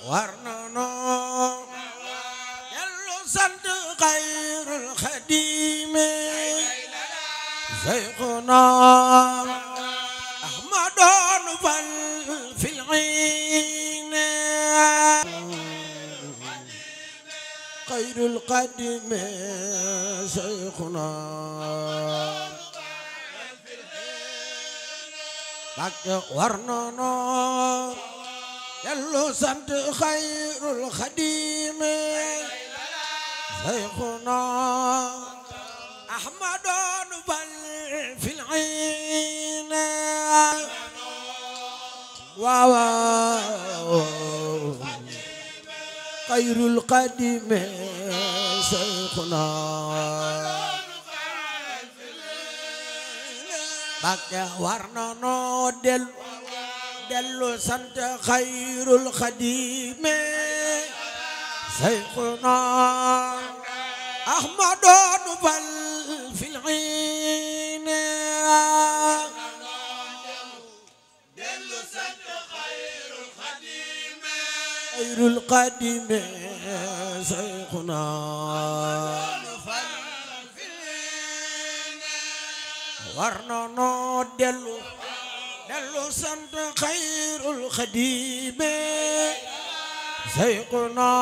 warnano dellu sant xayrul xadime seyxuna ahmadon fal fil ayne xayrul xadime seyxuna bak dellu sant xayrul xadimi sayxuna ahmadoon bal fil ayni waaw xayrul xadimi sayxuna bàkke war na noo dellu dellu sant xayrul xadime sayxuna ahmadoon fal fil xiine dellu sant xayrul xadime xayrul xadime sayxuna war na noo dellu dellu sant xayrul xadime sayquna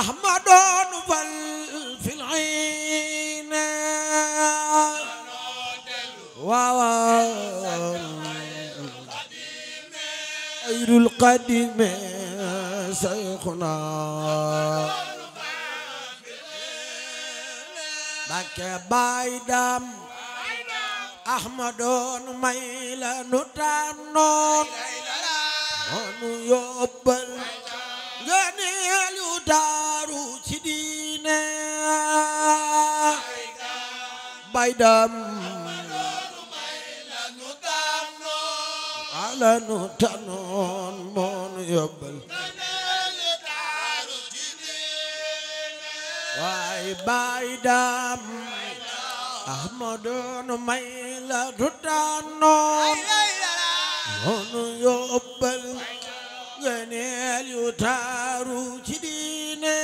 ahmadoon fal fil ayne waaw xayrul xadime sayquna bakke baydam ahmadoon may la nu tànnoon moonu yóbbal nga neelu daaru ci diine baydam la nu tànnoon moonu yóbbal waay baydam ahmadoon may la dutaano noonu yóbbal ngëneel yu taaru ci diine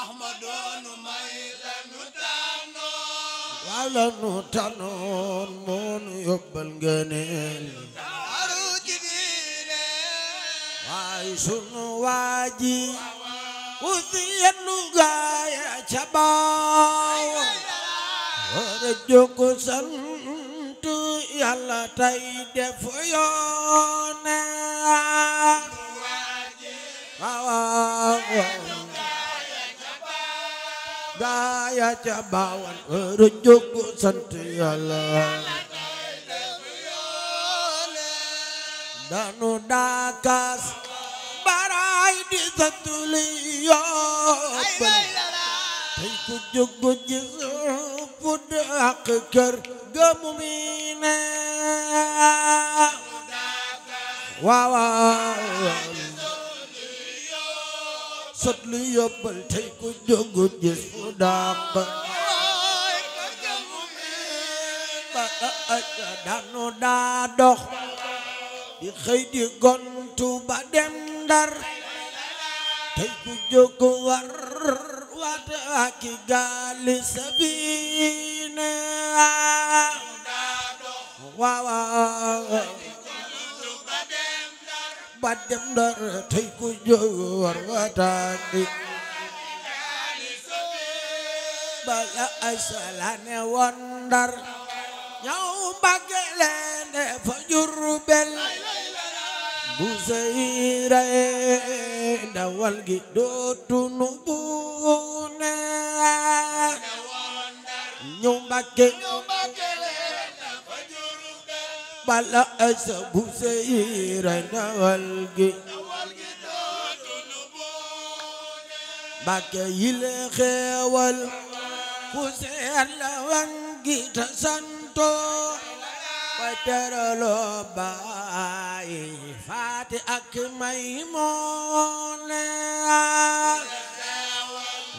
ahmadoonu may la dutaano waaw la dutaanoon moonu yóbbal ngëneel taaru ci diine waay sunu waaji Uzi yenu gaya chaba jóg sant yàlla tey def yoone gaaya ca baawan ëru jóg sant yàlla danu daakaas baraay di satuli yóbbal tey ku jóg gis ku dàq kër ga mu miine waaw sot lu yóbbal tey ku jógu gis mu dàq danu daa dox di xëy di gontu ba dem ndar tey ku jógu wat ak gaali sabiine waawaaw ba dem dar tey ku joor wataani bala ay salane won dar ñaw bagale ne fa Jurbel bu seyraay ndawal gi dootu nu buune ñu Mbàkke bala ay sa bu seyraay ndawal gi Mbàkke yile xeewal bu seyraay ndawal gi ta santo wa tëraloo baay faati ak Maymuna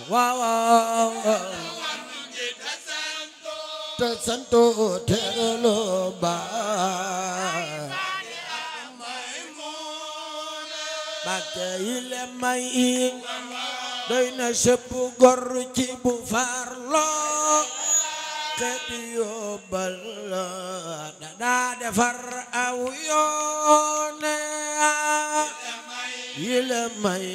waaw te santo tëraloo baay bakke yile may doy na sëpp góor ci bu farloo qad yombal dana defar aw yoon yi la may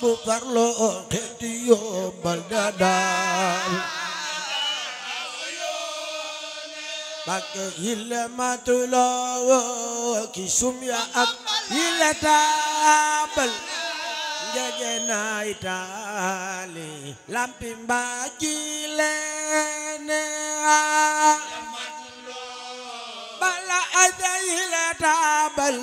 bu farlo qad yombal dana bak yi la matuloo ki sum ya ak yi la taabal njegenaay taali lampi mbaa ji leen bala ajay la taabal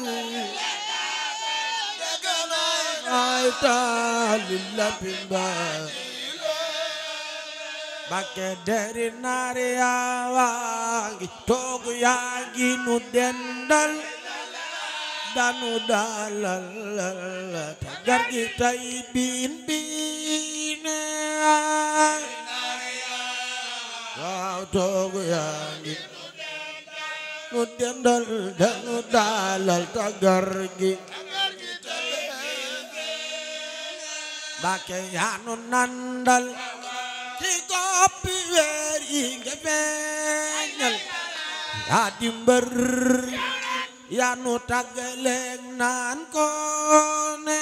njegenaay taali lampi mbaa bakke deri naari yaa waa ngi toog yaa ngi nu dendal danu tagar gi tay biin biin waaw toogu yaa ngi nu dendal danu dalal tagar gi Mbàkke yaa nu nandal ci koppi weer yi nga feeñal yaa di yaa nu tàggaleeg naan ko ne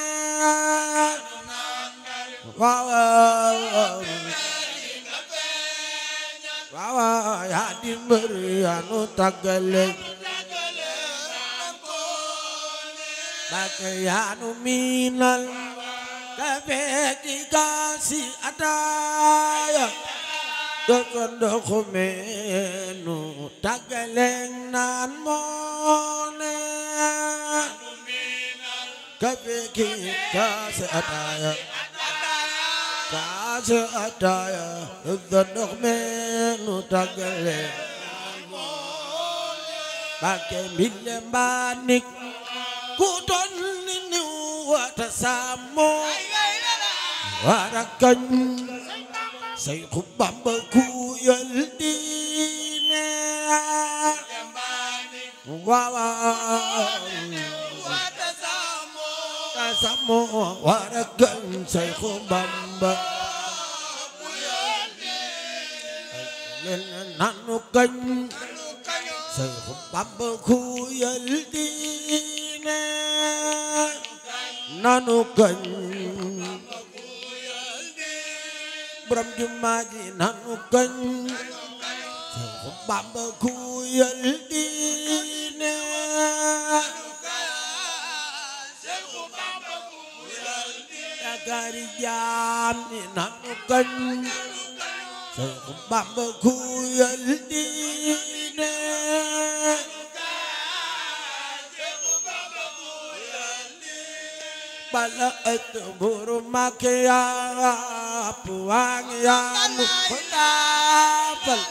waaw di mbër yaa nu tàggaleeg bàkke yaa nu miinal kafe ki naan moon ki kaas ataaya kaas ataaya da dox meenu tàggale bakke mbaanik ku ton ni niw wata saamu wara kañ say xubbam ba yal diine waaw samoo wara gën Seexu Bamba leen nanu kañ Seexu Bamba ku yal diine nanu kañ borom jumaa ji nanu kañ Seexu Bamba ku yal diine yaakaari jaam ñi nanu kañ Seexu Bamba ku yal diine bala ëtt buuru Makka yaa puwaan yaa nu ko daafal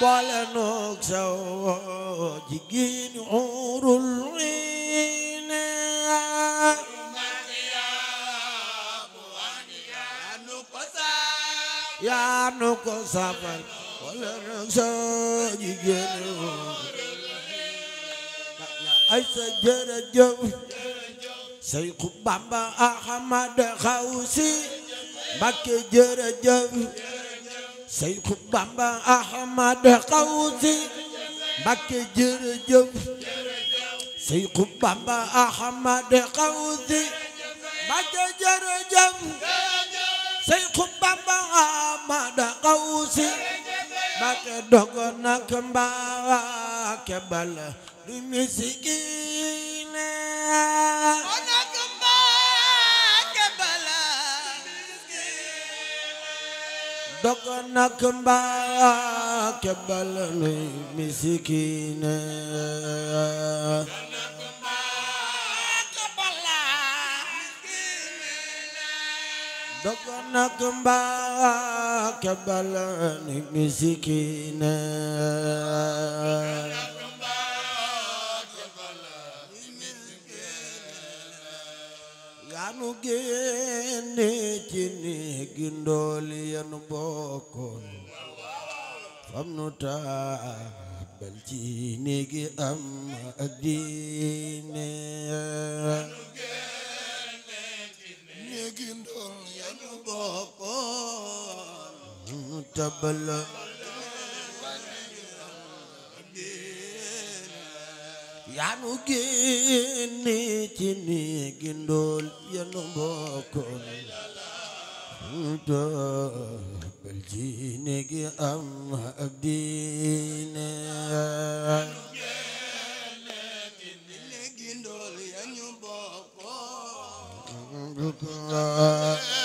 boole noog saw jigéen uurul nu ko safal wala nak sa jigéen ay sa jërëjëf Seyku Bamba Ahmad Xawsi Seexu Bamba Amada Xawsi Mbàkke dogo nak Mbàkke bala du misikine bala dogo nak nak mbaa kebala ni misikine yanu génne ci ndooli yanu bokkoon fam nu taabal ci néegi am ak تبل yaa nu génne ci néegi ndool ya nu bokkoon tabal ci néegi am ak yaa nu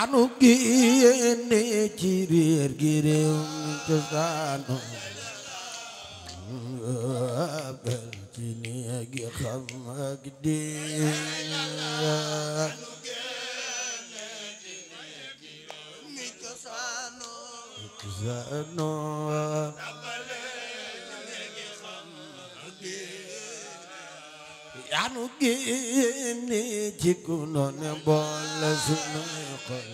daanu génne ci réer gi réew mi cosaanu abel ci néegi xam ak dee cosaanu yaanu génne ci ku noon bool sunu xol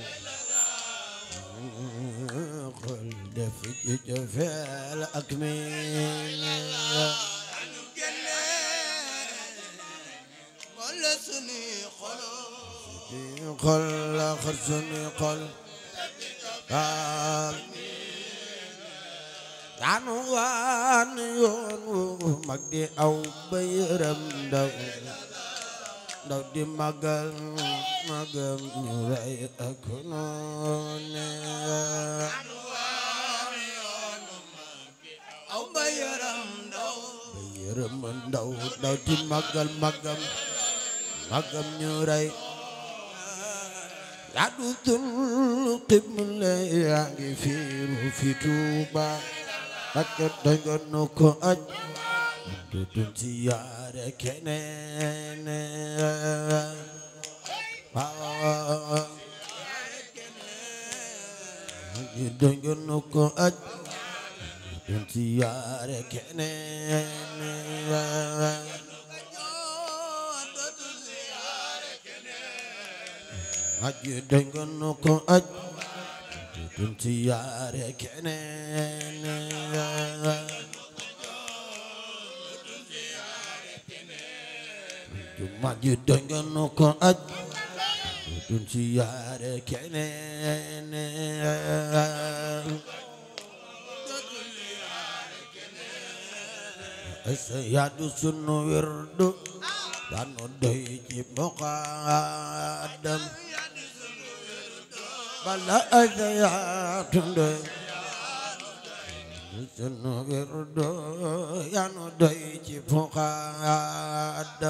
xol def ci jofeel ak miin yaanu génne bool sunu xol xol xol sunu xol danu waan yoon wu mag aw ba yërëm di magal magam ñu rey ak noone aw ba yërëm ndaw ba yërëm ndaw ndaw du dul qibla yaa ngi fi Tuuba Mbàkke doyoon na ko aj du dun siyaare keneen waaw Mbàkke doyoon na ko aj du dun siyaare keneen Mbàkke doyoon na ko aj du dun siyaare keneen magi donganu ko aj dun ci yaare keneen asa yaadu sunu wirdu danu doy ci muqaddam bala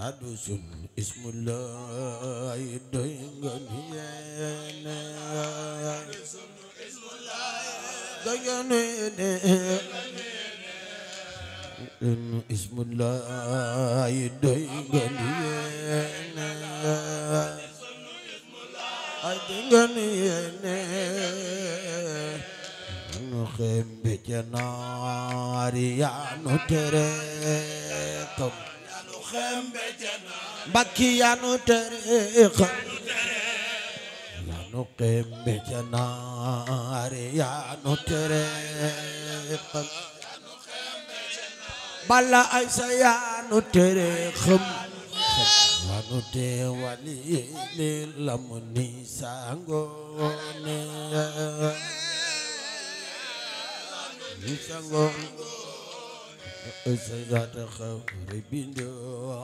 adusun ismullahi doy nga nu yeene doy nga nu yeene ismullahi doy nga nu yeene ay doy nga nu yeene nu xembe ca naari yaa nu tere kam mbakki yanu tariqa yanu xembe janaare yanu tariqa bala aysa yanu tariqa yanu te wali li lamuni sangone sangone سيدات خوري بندو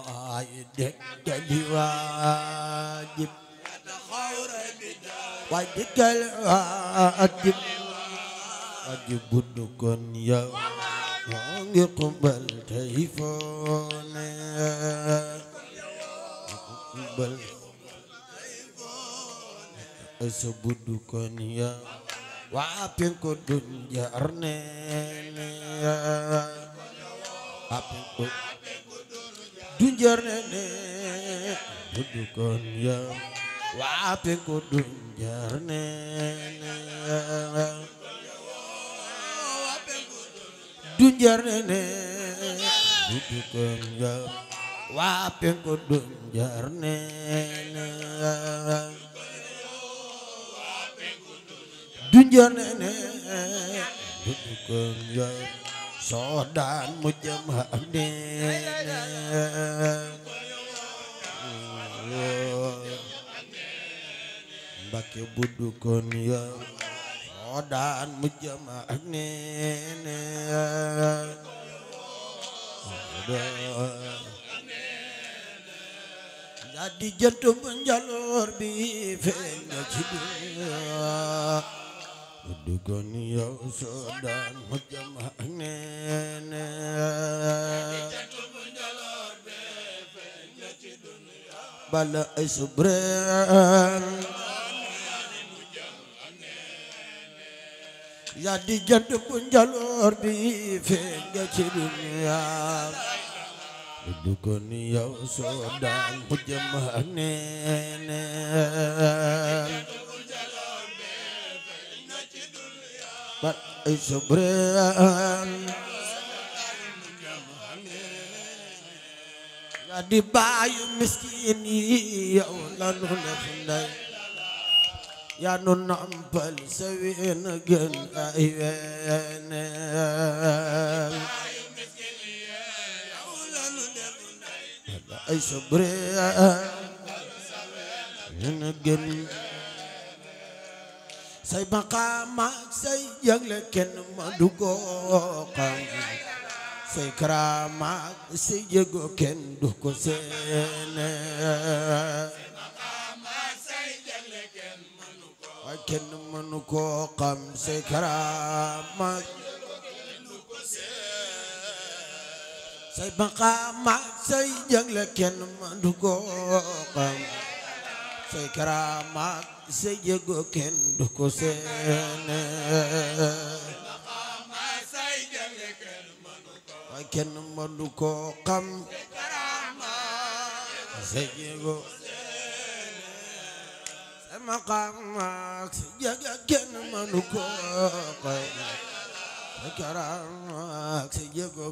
عيد كلي واجب واجب كلي واجب واجب بدكن يا وانجي قبل تيفون قبل سبدكن يا وعافين كدن يا أرنين dunjarnene dudukon ya wape ko dunjarnene dunjarnene dudukon ya wape ko dunjarnene dunjarnene dudukon ya soo daan mu jëm xam Mbàkke buddu kon ya soo daan mu jëm di jëntu bu njaloor bi feeñ na ci dugon yow soo daan mu jëm ak neene bala ay subreen di jant bu njaloor bi feeñ ci dunya subraan yaa di baayu miskin yi yow la nu def ndey yaa nu nampal sa ween gën ay weeneel ay subraan gën say maqaama say yëgle kenn ma du ko say karaama say kenn say karaama say kenn ma du ko say karaamaak say jéego kenn du ko seene waaye kenn mënu ko ko xam say karaamaak say jéego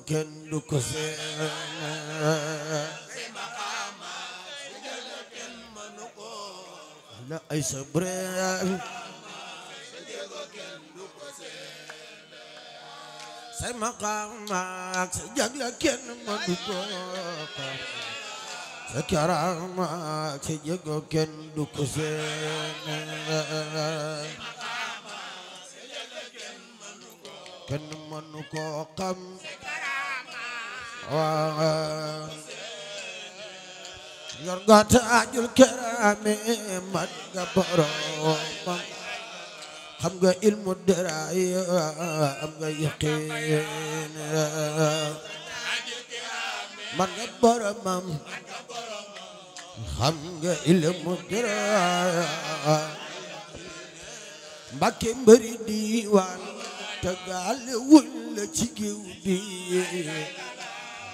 kenn du ko seene na ay sabre say maqaam ak sa jagle kenn ma du ko sa karaam ak sa jago kenn du ko seen kenn mënu ko xam waaw yor nga taajul karaame mat nga boroomam xam nga ilmu daraay mbakke mbëri diiwaan te gaale wuñ ci géew bi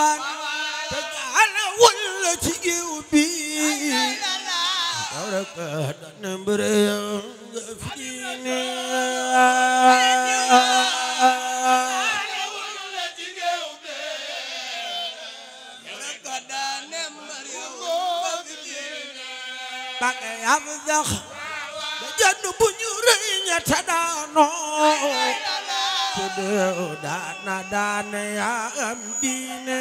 waan te gaana walla ci géew bi baraka dana mbere nga fi ne baga yam dax da jann bu ñu rëy ña ta daanoo tudd daana daane yaa am diine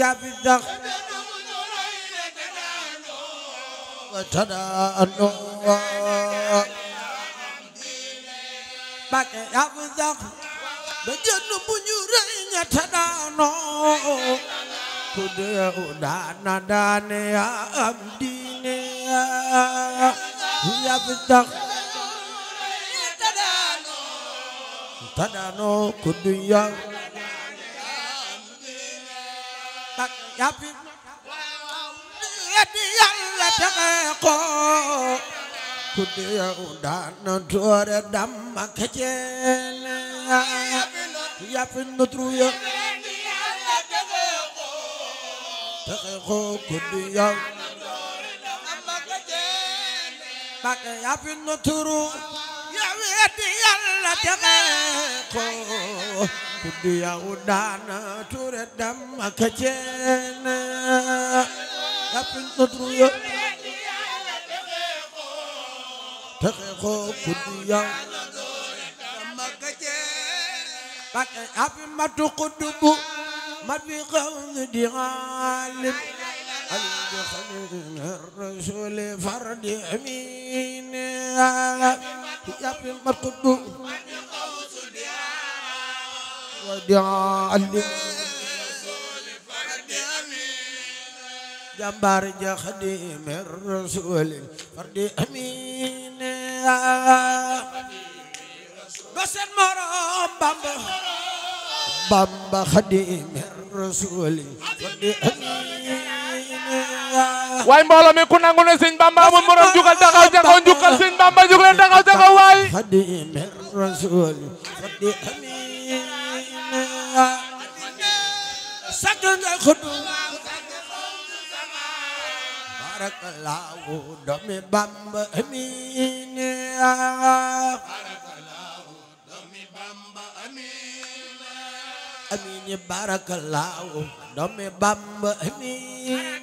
yaa fi tax tadaano bake yaa fi da bu ñu rëy nga tadaano tudd daana daane yaa am tanano kuduya tak yapi yadi yalla taqo kuduya udana dore damma kejele yapi nutruya taqo kuduya tak yapi nutruya wet yàlla texe ko kuddu yaw daana ture dam ak ceen kapin nutru yo texe ko kuddu yaw dam ak ceen kapin matu kuddu bu mat bi qawmi di alim alim bi xalil rasuli fardi amin يا المرقد ودعاء للرسول فرد أمين جبار جا خديم الرسول فرد أمين بس المرام بامبا بامبا خديم الرسول فرد أمين waaye mbooloo mi ku nangu ne sëñ Bamba amul morom jugal taxaw ca kaw jugal sëñ Bamba jug leen taxaw ca kaw waay barakallahu doomi Bamba amiin barakallahu doomi Bamba amiin amiin barakallahu doomi Bamba amiin